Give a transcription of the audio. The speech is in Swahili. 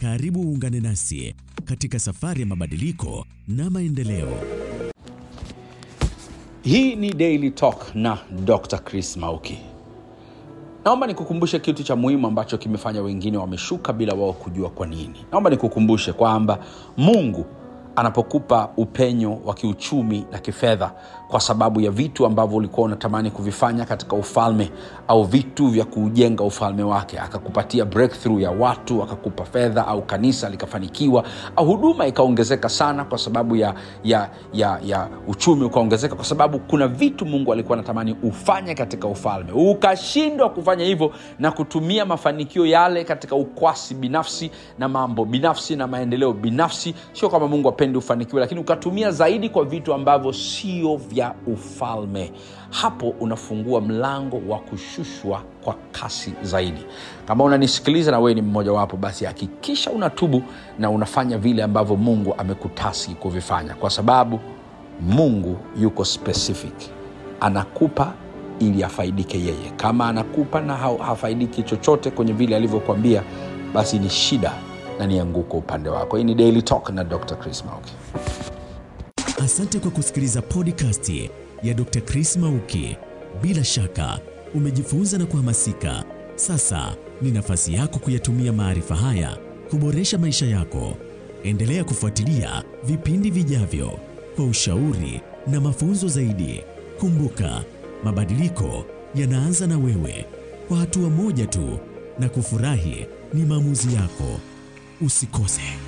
Karibu uungane nasi katika safari ya mabadiliko na maendeleo. Hii ni Daily Talk na Dr. Chris Mauki. Naomba nikukumbushe kitu cha muhimu ambacho kimefanya wengine wameshuka bila wao kujua kwa nini. Naomba nikukumbushe kwamba Mungu anapokupa upenyo wa kiuchumi na kifedha kwa sababu ya vitu ambavyo ulikuwa unatamani kuvifanya katika ufalme au vitu vya kujenga ufalme wake akakupatia breakthrough ya watu akakupa fedha au kanisa likafanikiwa au huduma ikaongezeka sana kwa sababu ya, ya, ya, ya uchumi ukaongezeka kwa sababu kuna vitu mungu alikuwa anatamani ufanye katika ufalme ukashindwa kufanya hivyo na kutumia mafanikio yale katika ukwasi binafsi na mambo binafsi na maendeleo binafsi sio kwamba mungu apendi upendi ufanikiwe lakini ukatumia zaidi kwa vitu ambavyo sio vya ufalme hapo unafungua mlango wa kushushwa kwa kasi zaidi kama unanisikiliza na wewe ni mmojawapo basi hakikisha unatubu na unafanya vile ambavyo mungu amekutasi kuvifanya kwa sababu mungu yuko specific anakupa ili afaidike yeye kama anakupa na hafaidiki chochote kwenye vile alivyokwambia basi ni shida na ni upande wako hii ni daily talk na dr chris mauki asante kwa kusikiliza podkasti ya dr chris mauki bila shaka umejifunza na kuhamasika sasa ni nafasi yako kuyatumia maarifa haya kuboresha maisha yako endelea kufuatilia vipindi vijavyo kwa ushauri na mafunzo zaidi kumbuka mabadiliko yanaanza na wewe kwa hatua moja tu na kufurahi ni maamuzi yako usikose.